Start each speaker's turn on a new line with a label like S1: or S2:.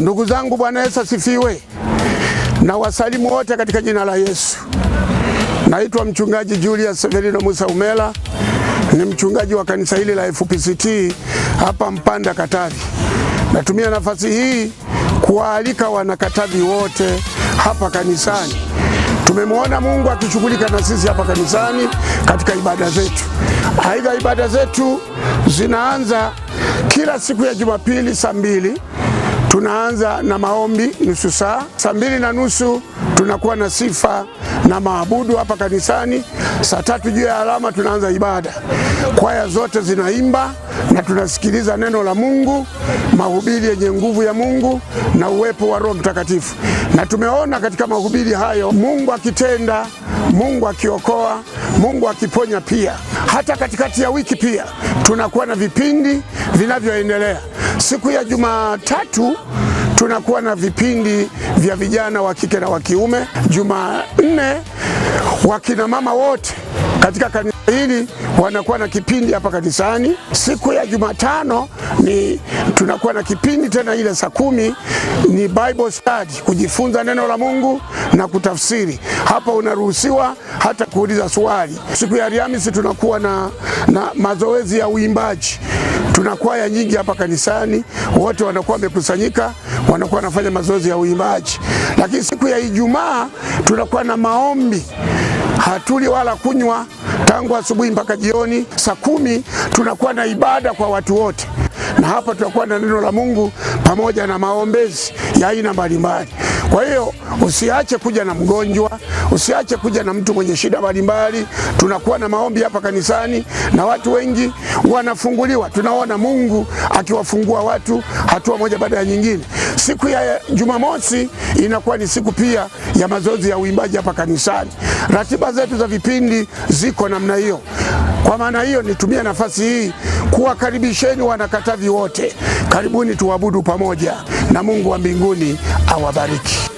S1: Ndugu zangu, Bwana Yesu asifiwe, na wasalimu wote katika jina la Yesu. Naitwa mchungaji Julius Severino Musa Umela, ni mchungaji wa kanisa hili la FPCT hapa Mpanda, Katavi. Natumia nafasi hii kuwaalika wanakatavi wote hapa kanisani. Tumemwona Mungu akishughulika na sisi hapa kanisani katika ibada zetu. Aidha, ibada zetu zinaanza kila siku ya Jumapili saa mbili tunaanza na maombi nusu saa. Saa mbili na nusu tunakuwa na sifa na maabudu hapa kanisani. Saa tatu juu ya alama tunaanza ibada, kwaya zote zinaimba na tunasikiliza neno la Mungu, mahubiri yenye nguvu ya Mungu na uwepo wa Roho Mtakatifu. Na tumeona katika mahubiri hayo Mungu akitenda, Mungu akiokoa, Mungu akiponya. Pia hata katikati ya wiki pia tunakuwa na vipindi vinavyoendelea. Siku ya Jumatatu tunakuwa na vipindi vya vijana wa kike na wa kiume. Jumanne wakina mama wote katika kanisa hili wanakuwa na kipindi hapa kanisani. Siku ya Jumatano ni tunakuwa na kipindi tena ile saa kumi ni Bible study, kujifunza neno la Mungu na kutafsiri. Hapa unaruhusiwa hata kuuliza swali. Siku ya Alhamisi tunakuwa na, na mazoezi ya uimbaji tuna kwaya nyingi hapa kanisani, wote wanakuwa wamekusanyika, wanakuwa wanafanya mazoezi ya uimbaji. Lakini siku ya Ijumaa tunakuwa na maombi, hatuli wala kunywa tangu asubuhi mpaka jioni. Saa kumi tunakuwa na ibada kwa watu wote, na hapa tunakuwa na neno la Mungu pamoja na maombezi ya aina mbalimbali. Kwa hiyo usiache kuja na mgonjwa, usiache kuja na mtu mwenye shida mbalimbali. Tunakuwa na maombi hapa kanisani na watu wengi wanafunguliwa, tunaona Mungu akiwafungua watu hatua moja baada ya nyingine. Siku ya Jumamosi inakuwa ni siku pia ya mazoezi ya uimbaji hapa kanisani. Ratiba zetu za vipindi ziko namna hiyo. Kwa maana hiyo, nitumie nafasi hii kuwakaribisheni Wanakatavi wote, karibuni tuabudu pamoja, na Mungu wa mbinguni awabariki.